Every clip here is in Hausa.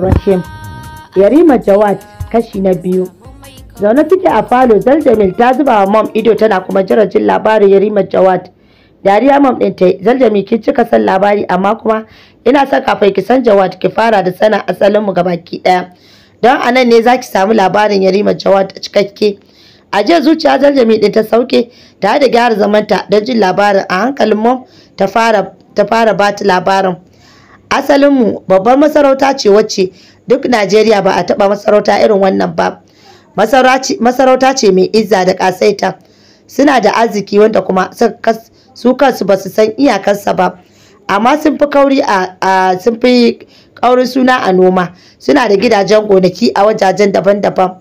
Rahim, Yarima Jawad kashi na biyu. Zaune take a falo Zaljamil ta zuba wa mom ido tana kuma jira labarin Yarima Jawad. Dariya mom din ta Zaljami kin cika san labari amma kuma ina son kafai ki san Jawad ki fara da sanin asalin mu gabaki daya. Don anan ne zaki samu labarin Yarima Jawad cikakke. A jiya zuciya Zaljami din ta sauke tare da gyara zamanta don jin labarin a hankalin mom ta fara ta fara bata labarin. asalinmu babbar masarauta ce wacce duk najeriya ba a taɓa masarauta irin wannan ba masarauta ce mai izza da ƙasaita suna da arziki wanda kuma su kansu ba su san iyakarsa ba amma sun fi kauri a sun fi kaurin suna a noma suna da gidajen gonaki a wajajen daban-daban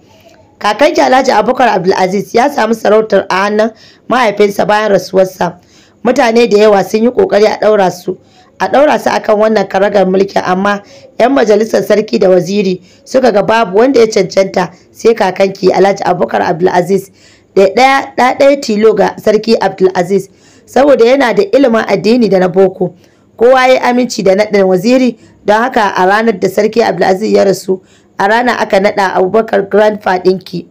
kakan alhaji abubakar abdulaziz ya samu sarautar a hannun mahaifinsa bayan rasuwarsa mutane da yawa sun yi kokari a ɗaura su a ɗaura su akan wannan karagar mulki amma 'yan majalisar sarki da waziri suka ga babu wanda ya cancanta sai kakanki alhaji abubakar abdulaziz da ɗaya ɗaya tilo ga sarki abdulaziz saboda yana da ilimin addini da na boko kowa ya aminci da naɗin waziri don haka a ranar da sarki abdulaziz ya rasu a rana aka naɗa abubakar grand Fadinki.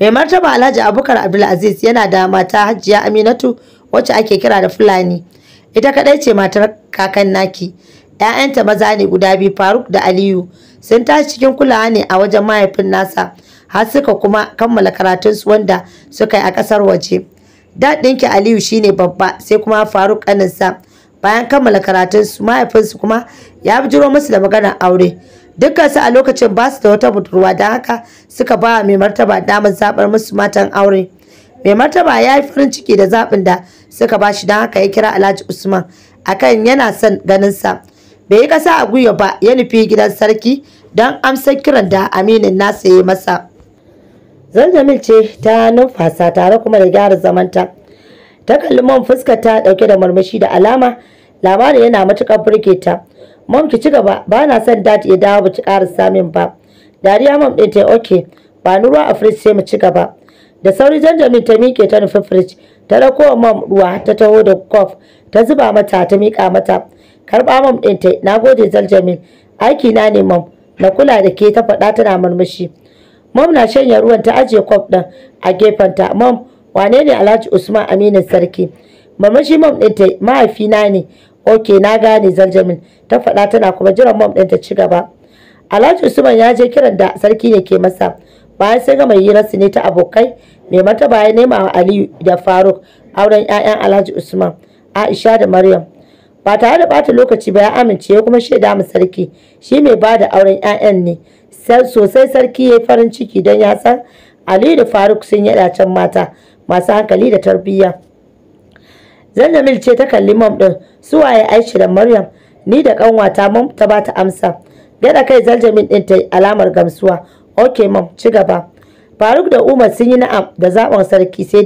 mai martaba alhaji abubakar abdulaziz yana da mata hajjiya aminatu wacce ake kira da fulani ita kadai ce matar kakan naki ‘ya'yanta maza ne guda biyu faruk da aliyu sun tashi cikin kulawa ne a wajen mahaifin nasa har suka kuma kammala karatunsu wanda suka yi a ƙasar waje dad ɗinki aliyu shine babba sai kuma faruk ƙaninsa bayan kammala karatunsu mahaifinsu kuma ya bijiro musu da maganar aure dukkansu a lokacin ba su da wata budurwa don haka suka ba mai martaba damar zaɓar musu matan aure mai martaba ya yi farin ciki da zaɓin da suka ba shi don haka ya kira alhaji usman a kan yana son ganin sa bai yi ƙasa a gwiwa ba ya nufi gidan sarki don amsa kiran da aminin nasa ya masa zanjamil ce ta numfasa tare kuma da gyara zamanta ta kalli man fuskar ta ɗauke da murmushi da alama labarin yana matuƙar burge ta mom ki ci gaba ba na son dad ya dawo ba ci ƙara samun ba dariya mom ɗin ta oke ba ni ruwa a firij sai mu ci gaba da sauri janjamin ta miƙe ta nufi firij ta rako mom ruwa ta taho da kof ta zuba mata ta miƙa mata karɓa mam ɗin ta na gode aiki na ne mam na kula da ke ta faɗa tana murmushi mam na shanya ruwan ta ajiye kof ɗin a gefenta mam wane ne alhaji usman aminin sarki murmushi mam ɗin ta mahaifina ne oke na gane zaljamin ta faɗa tana kuma jiran mom ɗin ta ci gaba alhaji usman ya je kiran da sarki ne ke masa bayan sai gama hirarsu ne ta abokai mai mata ya nema wa aliyu da faruk auren 'ya'yan alhaji usman aisha da maryam ba tare da bata lokaci ba ya amince ya kuma shaida mu sarki shi mai ba da auren 'ya'yan ne sosai sarki ya yi farin ciki don ya san aliyu da faruk sun yi can mata masu hankali da tarbiyya zanjamil ce ta kalli mom ɗin su waye aishi da maryam ni da ƙanwata mam ta ba ta amsa Gada kai zanjamin ɗin ta alamar gamsuwa ok mam ci gaba faruk da umar sun yi na'am da zaben sarki sai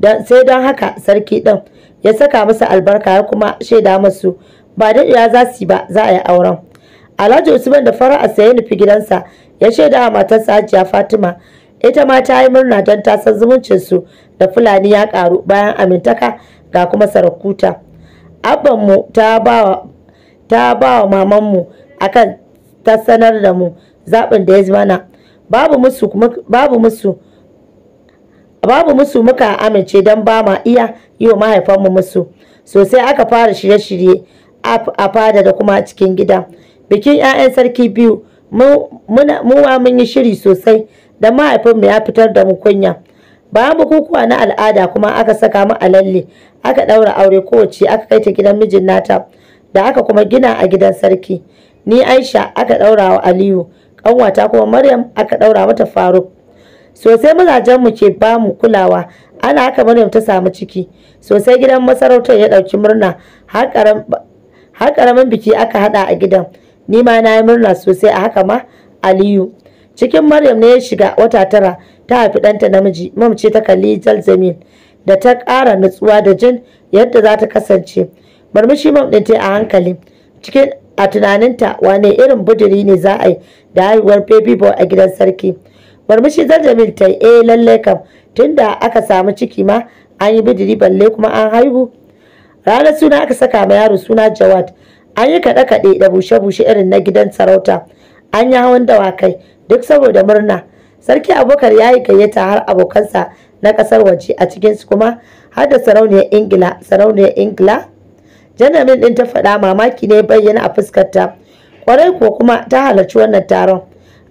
dai sai don haka sarki ɗin ya saka masa albarka ya kuma shaida masu ba daɗewa za su ba za a yi auren alhaji usman da fara'a sai ya nufi gidansa ya shaida wa matarsa hajiya fatima ita ma ta yi murna don ta san su da fulani ya ƙaru bayan amintaka ga kuma sarakuta mu ta ba ta ba wa mu akan ta sanar da mu zaɓin da ya zama babu musu babu musu babu musu muka amince don ba ma iya yi wa mahaifanmu musu sosai aka fara shirye-shirye a fada da kuma cikin gida bikin 'ya'yan sarki biyu wa mun yi shiri sosai da mahaifinmu ya fitar da mu kunya bayan bukukuwa na al'ada kuma aka saka mu a lalle aka ɗaura aure kowace aka kai ta gidan mijin nata da aka kuma gina a gidan sarki ni aisha aka ɗaura wa aliyu ƙanwata kuma Maryam aka ɗaura mata Faruk. Sosai mu ke ba mu kulawa, ana haka Maryam ta samu ciki. Sosai gidan masarautar ya ɗauki murna har karamin biki aka haɗa a gidan. Ni ma na yi murna sosai a haka ma Aliyu. Cikin Maryam ne ya shiga wata tara ta haifi ɗanta namiji, mamce ta kalli Jalzamin da ta ƙara nutsuwa da jin yadda za ta kasance. Murmushi mam ɗin ta a hankali. Cikin a tunaninta wane irin buduri ne za a yi da haihuwar baby boy a gidan sarki murmushi zarjamil ta yi eh lallai kam tunda aka samu ciki ma an yi buduri balle kuma an haihu ranar suna aka saka ma yaro suna jawad an yi kaɗe-kaɗe da bushe-bushe irin na gidan sarauta an yi hawan dawakai duk saboda murna sarki abokar ya yi gayyata har abokansa na ƙasar waje a cikinsu kuma har da sarauniyar ingila sarauniyar ingila janamin din ta faɗa mamaki ne bayyana a fuskarta kwarai ko kuma ta halarci wannan taron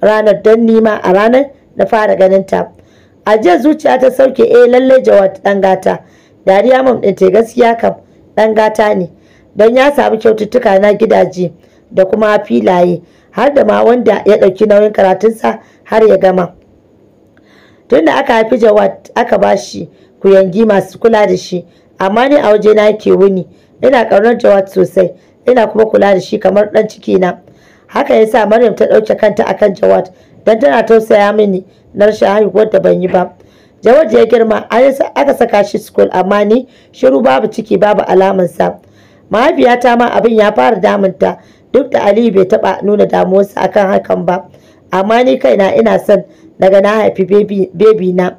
ranar don nima a ranar na fara ganin ta a jiya zuciya ta sauke eh lalle jawad dan gata dariya mam din ta gaskiya kam dan gata ne don ya samu kyaututtuka na gidaje da kuma filaye har da ma wanda ya ɗauki nauyin karatun sa har ya gama tunda aka haifi jawad aka bashi kuyangi masu kula da shi amma ne a waje na yake wuni ina ƙaunar Jawad sosai ina kuma kula da shi kamar ɗan ciki na haka yasa Maryam ta ɗauke kanta akan Jawad dan tana tausaya mini na rashin haihuwar da ban yi ba Jawad ya girma aka saka shi school amma ni shiru babu ciki babu alamansa mahaifiyata ma abin ya fara damunta duk da Aliyu bai taɓa nuna damuwarsa akan hakan ba amma ni kaina ina son daga na haifi baby na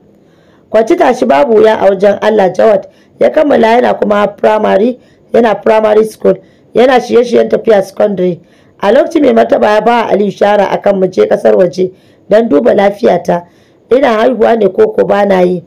kwanci tashi babu wuya a wajen Allah Jawad ya kammala yana kuma primary yana primary school yana shirye-shiryen tafiya secondary a lokacin mai martaba ya ba aliyu shara akan mu je kasar waje don duba lafiyata ina haihuwa ne ko ko ba na yi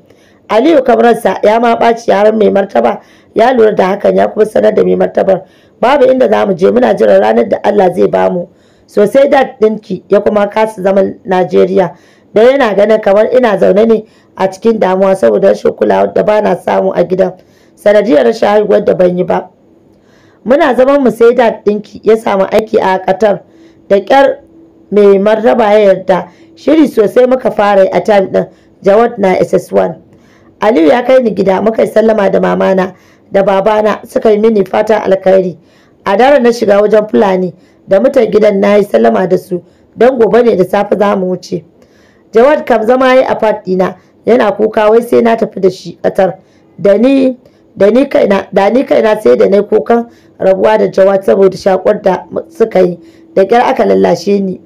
aliyu kamaransa ya ma ɓaci yaran mai martaba ya lura da hakan ya kuma sanar da mai martabar babu inda za mu je muna jiran ranar da allah zai ba mu. sosai dat ɗinki ya kuma kasa zaman najeriya da yana ganin kamar ina zaune ne a cikin damuwa saboda rashin kulawar da ba na samu a gidan sanadiyar rashin haihuwar da ban yi ba muna zaman mu sai da ɗinki ya samu aiki a Qatar da ƙyar mai marraba ya yarda shiri sosai muka fara a time ɗin Jawad na SS1 Aliyu ya kai ni gida muka yi sallama da mamana da babana suka yi mini fata alkhairi a daren na shiga wajen Fulani da mutan gidan na yi sallama da su don gobe ne da safe za mu wuce Jawad kam zama yayi yi a ɗina yana kuka wai sai na tafi da shi ƙatar da ni da ni kaina da ni kaina sai da na kokan. rabuwa da jawad saboda shakwar da suka yi da kyar aka lallashe ni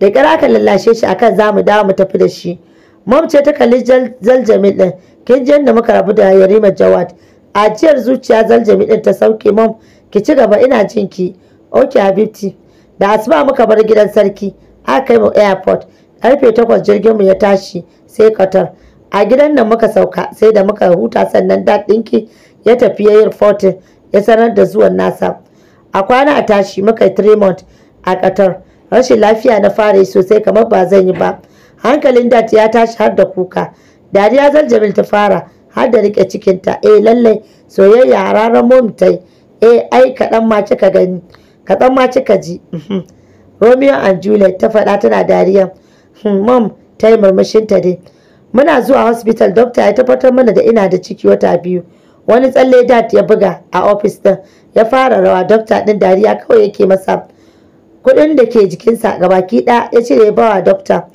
da kyar aka lallashe shi akan za mu dawo mu tafi da shi mom ce ta kalli zaljami din kin ji inda muka rabu da yarima jawad ajiyar zuciya zaljami din ta sauke mom ki ci gaba ina jin ki okay habibti da asuba muka bar gidan sarki aka kai mu airport karfe takwas jirgin mu ya tashi sai qatar a gidan nan muka sauka sai da muka huta sannan daɗin ki. ya tafi ya fotin. ya sanar da zuwan nasa a kwana a tashi muka yi tremont a katar rashin lafiya na fara yi sosai kamar ba zan yi ba hankalin dat ya tashi har da kuka dariya zaljamil ta fara har da rike cikinta eh lallai soyayya hararen momtai eh ai kaɗan ma ka gani kaɗan ma ji uhm. romeo and juliet ta faɗa tana dariya uhm, mom ta yi murmushinta dai muna zuwa hospital doctor ya tabbatar mana da ina da ciki wata biyu wani tsalle dat ya buga a ofis din ya fara rawa dokta din dariya kawai yake masa kudin da ke jikinsa baki ɗaya ya cire bawa dokta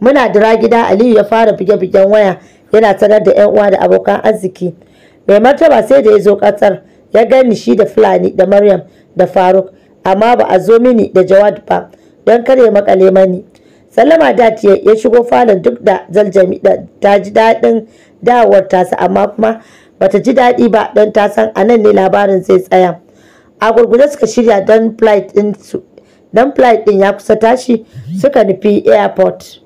muna dira gida aliyu ya fara buge-bugen waya yana sanar da yan uwa da abokan arziki mai martaba sai da ya zo ƙasar ya gani shi da fulani da maryam da faruk amma ba a zo mini da jawad ba don kare makale mani sallama dat ya shigo falon duk da zaljami ta ji daɗin dawowar tasa amma kuma bata ji daɗi ba don ta san a nan ne labarin zai tsaya a gurguje suka shirya don flight din su don flight din ya kusa tashi suka nufi airport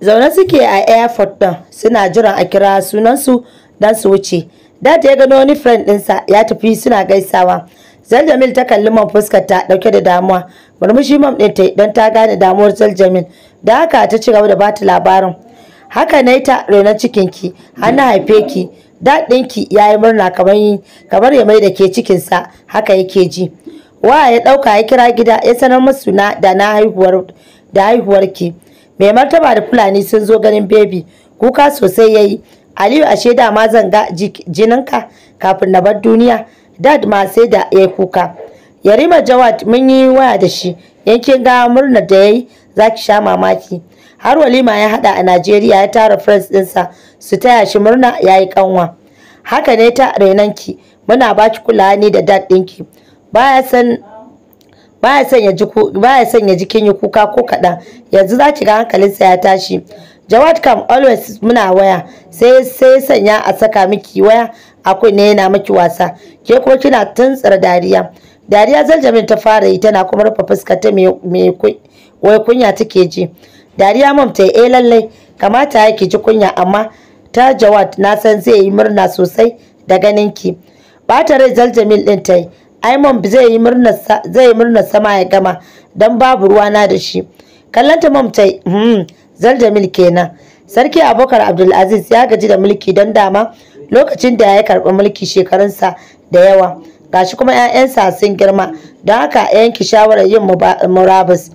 zaune suke a airport din suna jiran a kira sunansu don su wuce data ya gano wani friend sa ya tafi suna gaisawa zaljamil ta kalli man fuskar ta dauke da damuwa murmushi mam ɗin ta don ta gane damuwar zaljamil da haka ta ci gaba da bata labarin haka na yi ta renon cikinki har na haife ki daɗinki ya yi murna kamar ya mai da ke cikinsa haka yake ji waya ya ɗauka ya kira gida ya sanar musu na da na haihuwar da haihuwarki mai martaba da fulani sun zo ganin bebi kuka sosai ya yi aliyu ashe da ma zanga jininka kafin na bar duniya dad ma sai da ya kuka yarima jawad mun yi waya da shi yankin ga murnar da ya yi za ki sha mamaki har walima ya hada a Najeriya ya tara friends ɗinsa su taya shi murna yayi kanwa. Haka ne ta renanki muna ba ki kulawa ne da dad dinki Baya san baya ya ji baya ya yi kuka ko kaɗan yanzu za ki ga hankalinsa ya tashi Jawad kam always muna waya sai sai sanya a saka miki waya akwai ne yana miki wasa ke ko kina tuntsar dariya dariya zaljamin ta fara yi tana kuma rufe fuska ta mai wai kunya take ji dariya mam ta eh lallai kamata ya ji kunya amma ta jawad na san zai yi murna sosai da ganin ki bata rai zaljamil din tai ai mam zai yi murna zai murna sama ya gama dan babu ruwa na da shi kallanta mam ta hmm zaljamil kenan sarki abokar abdulaziz ya gaji da mulki don dama lokacin da ya karɓi mulki shekarunsa da yawa gashi kuma 'ya'yansa sun girma don haka yanki shawarar yin murabus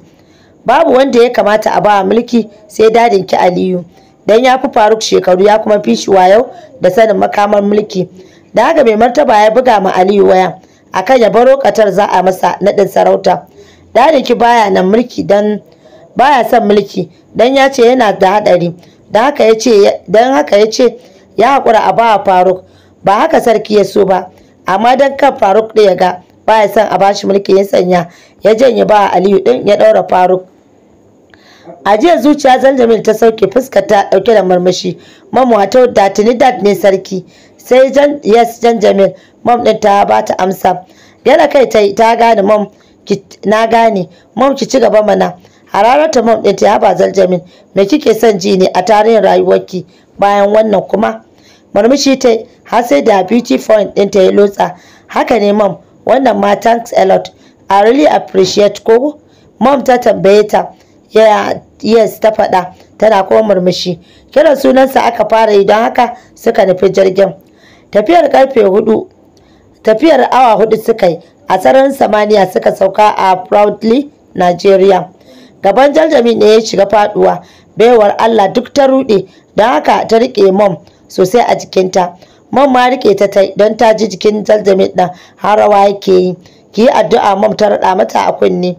babu wanda ya kamata a ba mulki sai dadin ki aliyu dan ya fi faruk shekaru ya kuma fi shi wayau da sanin makamar mulki da haka mai martaba ya buga ma aliyu waya akan ya baro katar za a masa naɗin sarauta dadin ki baya nan mulki dan baya son mulki dan ya ce yana da haɗari dan haka ya ce dan haka ya ce ya haƙura a ba faruk ba haka sarki ya so ba amma dan kan faruk ya ga baya son a bashi mulki ya sanya ya janye ba aliyu din ya daura faruk a jiya zuciya zanjamil ta sauke fuska ta dauke da marmashi mamu wato da ne sarki sai jan yes Zanjamil mam din ta ba ta amsa yana kai ta ta gane mam na gane mam ki ci gaba mana hararata mam din ta yaba zanjamil me kike son ji ne a tarihin rayuwarki bayan wannan kuma murmushi ta har sai da beauty point din ta ya lotsa haka ne mam wannan ma thanks a lot i really appreciate ko mom ta tambaye ta yes ta faɗa tana kuma murmushi kiran sunansa aka fara yi don haka suka nufi jirgin tafiyar karfe hudu tafiyar awa hudu suka yi a sararin samaniya suka sauka a proudly nigeria gaban jaljami ne ya shiga faduwa baiwar allah duk ta rude don haka ta riƙe mom sosai a jikinta man ma rike ta tai don ta ji jikin zalzamin ɗan Harawa rawa yake yi ki yi addu'a mam ta raɗa mata a kunne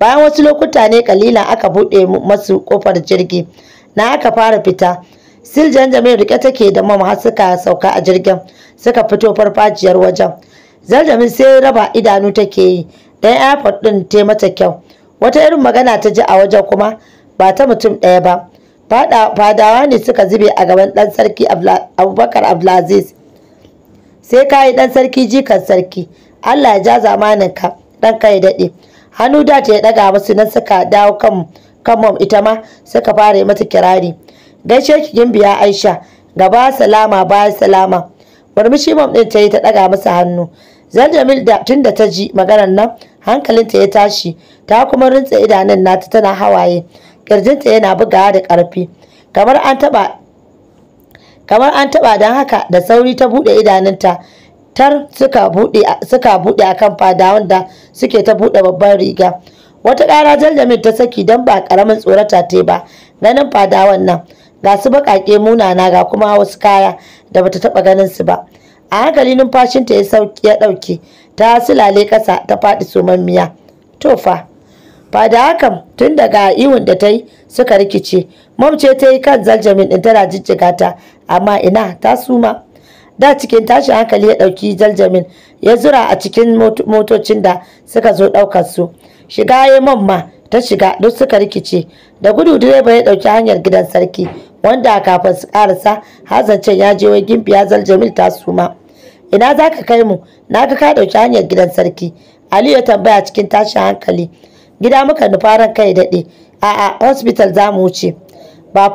bayan wasu lokuta ne kalilan aka buɗe masu kofar jirgi na aka fara fita sil janjamin rike take da mam har suka sauka a jirgin suka fito farfajiyar wajen zaljamin sai raba idanu take yi dan airport din te mata kyau wata irin magana ta ji a wajen kuma ba ta mutum ɗaya ba fadawa ne suka zube a gaban ɗan sarki abubakar abdulaziz sai ka yi ɗan sarki jikan sarki allah ya ja zamaninka ka ka ya daɗe hannu da ta ya ɗaga musu nan suka dawo kan kan ita ma suka fara mata kirari gaishe ki gimbiya aisha gaba salama baya salama murmushi mam ɗin ta yi ta ɗaga masa hannu zanjamil da tun ta ji maganar nan hankalinta ya tashi ta kuma rintsa idanun nata tana hawaye kirjinta yana bugawa da ƙarfi kamar an taba kamar an taba don haka da sauri ta buɗe idanunta tar suka buɗe suka buɗe akan fadawan da suke ta buɗe babban riga wata ƙara jaljamin ta saki don ba ƙaramin tsorata ta ba ganin fadawan nan ga su baƙaƙe munana ga kuma wasu kaya da bata taɓa ganin su ba a hankali numfashinta ya sauki ya ɗauke ta silale ƙasa ta faɗi somanmiya, to fa ba da hakan tun daga iwon da ta yi suka rikice mamce ta yi kan zaljamin ɗin tana jijjiga ta amma ina ta suma da cikin tashin hankali ya ɗauki zaljamin ya zura a cikin motocin da suka zo ɗaukar su shiga ya mamma ta shiga duk suka rikice da gudu direba ya ɗauki hanyar gidan sarki wanda kafin su karasa hazancen ya je wai gimbiya zaljamin ta suma ina za ka kai mu na ga ka ɗauki hanyar gidan sarki aliyu ya tambaya cikin tashin hankali gida muka nufa kai daɗe a'a hospital za mu wuce ba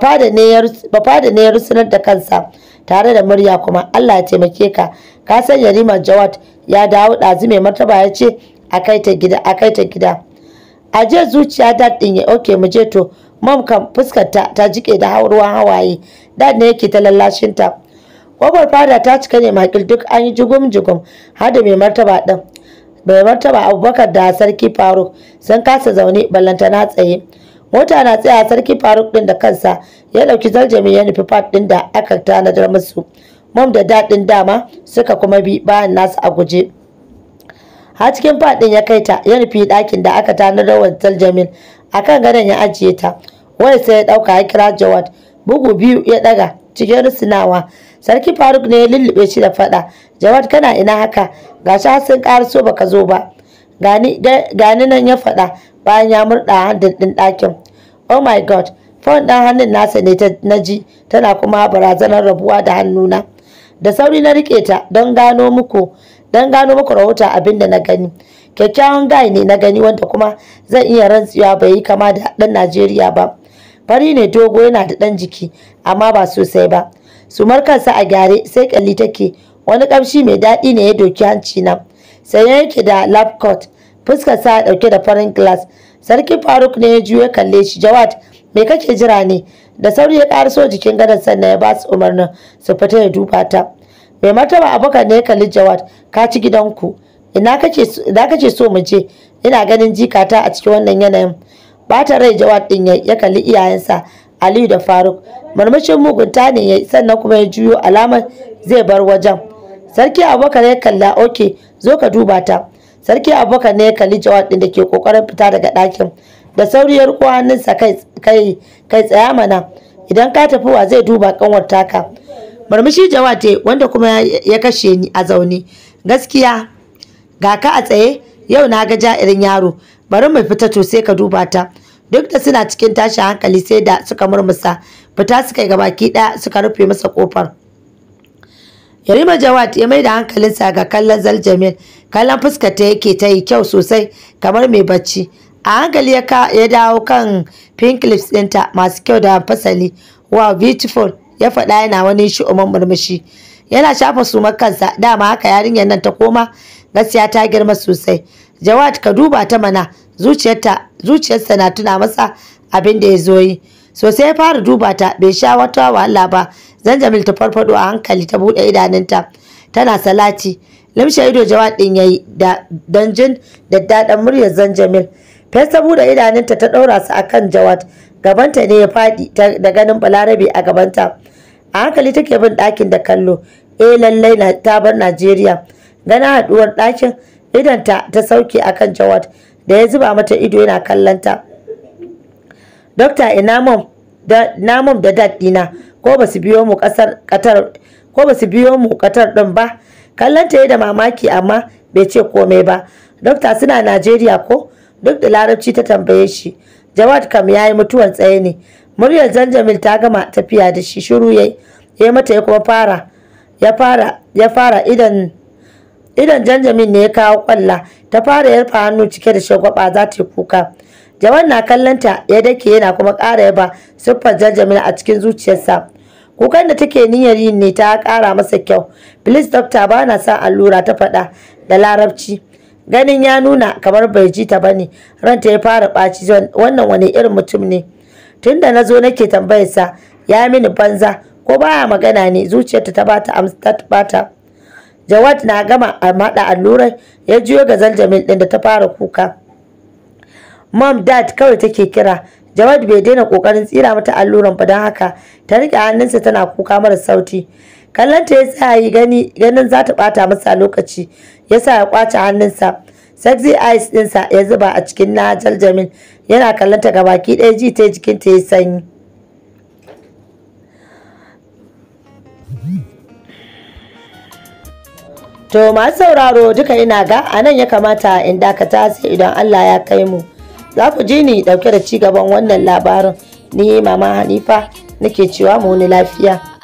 fada ne ya rusunar da kansa tare da murya kuma Allah ya taimake ka ka san Yarima Jawad ya dawo ɗazu mai martaba ya ce a kai ta gida a kai ta gida a je zuciya dad din ya oke mu je to mom kan fuskar ta ta jike da ruwan hawaye dad ne yake ta lallashin ta Kwabar fada ta cika ne makil duk an yi jugum jugum har da mai martaba din bai martaba abubakar da sarki faruk sun kasa zaune ballanta na tsaye mota na tsaya sarki faruk din da kansa ya dauki zaljami ya nufi fat din da aka tanadar musu mom da daɗin dama suka kuma bi bayan nasu a guje har cikin fat din ya kai ta ya nufi ɗakin da aka tanadar wa zaljamin akan gadon ya ajiye ta wai sai ya ɗauka ya kira jawad bugu biyu ya ɗaga cikin rusunawa sarki faruk ne ya lullube shi da faɗa jawad kana ina haka Ga shi har sun ƙaraso baka zo ba gani nan ya faɗa bayan ya murɗa handin ɗin ɗakin oh my god fon ɗan hannun nasa ne na ji tana kuma barazanar rabuwa da hannuna da sauri na rike ta don gano muku don gano muku rahoton abin da na gani kyakkyawan gai ne na gani wanda kuma zan iya rantsuwa bai yi kama da ɗan najeriya ba fari ne dogo yana da ɗan jiki amma ba sosai ba sumar kansa a gyare sai kalli take wani kamshi mai daɗi ne ya doki hanci na sai yake da lab coat fuskar sa dauke da farin glass sarki faruk ne ya juya kalle shi jawad me kake jira ne da sauri ya so jikin gadon sannan ya ba su umarnin su fita ya duba ta mai martaba abokan ne ya kalli jawad ka ci gidanku ina kake so mu je ina ganin jikata a cikin wannan yanayin bata rai jawad din ya kalli iyayensa aliyu da faruk marmashin mugunta ne ya sannan kuma ya juyo alamar zai bar wajen sarki abubakar ya kalla oke zo ka duba ta sarki abubakar ne ya kalli jawad din da ke kokarin fita daga ɗakin da sauriyar ya riko hannunsa kai kai tsaya mana idan ka tafi wa zai duba kanwar taka murmushi jawate wanda kuma ya kashe ni a zaune gaskiya ga ka a tsaye yau na ga ja irin yaro bari mu fita to sai ka duba ta duk da suna cikin tashin hankali sai da suka murmusa fita suka yi gabaki ɗaya suka rufe masa kofar yarima jawad ya mai da hankalinsa ga kallon zaljamil kallon fuskar ta yake ta yi kyau sosai kamar mai bacci a hankali ya dawo kan pink lips ɗinta masu kyau da fasali Wa beautiful ya faɗa yana wani shi'uman murmushi yana shafa sumar kansa dama haka yarinyar nan ta koma gaskiya ta girma sosai jawad ka duba ta mana zuciyarsa na tuna masa abin da ya zo yi sosai ya fara duba ta bai sha wata wahala ba zanjamil ta farfado a hankali ta buɗe idanunta tana salati limshe ido jawad din yayi da danjin daddaɗan muryar zanjamil fesa buɗe idanunta ta ɗaura su akan jawad gabanta ne ya faɗi da ganin balarabe a gabanta a hankali take bin ɗakin da kallo eh lallai na ta bar najeriya gana haɗuwar ɗakin idanta ta sauke akan jawad da ya zuba mata ido yana kallanta dokta ina mom da namum da dad dina ko ba biyo mu kasar katar ko ba su biyo mu katar din ba kallanta da mamaki amma bai ce komai ba dokta suna najeriya ko duk da larabci ta tambaye shi jawad kam yayi mutuwar tsaye ne muryar zanjamil ta gama tafiya da shi shiru yayi yayi mata ya kuma fara ya fara ya fara idan idan janjamin ne ya kawo kwalla ta fara yarfa hannu cike da shagwaba za ta kuka jawan na kallonta ya dake yana kuma ƙara yaba siffar janjamin a cikin zuciyarsa kukan da take niyyar yin ne ta ƙara masa kyau please doctor ba na son allura ta faɗa da larabci ganin ya nuna kamar bai ji ta bane ranta ya fara ɓaci wannan wani irin mutum ne tunda na zo nake tambayarsa ya mini banza ko baya magana ne zuciyarta ta bata amsa bata Jawad na gama a mada allurai ya juyo ga Zaljamil ɗin da ta fara kuka. Mom dad kawai take kira. Jawad bai daina kokarin tsira mata alluran ba dan haka ta rike hannunsa tana kuka mara sauti. Kallon ta ya tsaya yi gani ganin za ta bata masa lokaci yasa ya kwace hannunsa. Sexy eyes ɗinsa ya zuba a cikin na Jaljamin yana kallon ta gabaki ɗaya ji ta jikinta ya sanyi. To masu sauraro duka ina ga a nan ya kamata in dakata sai idan Allah ya kai mu. Za ku ji ni ɗauke da ci gaban wannan labarin ni mama Hanifa nake cewa mu ni lafiya.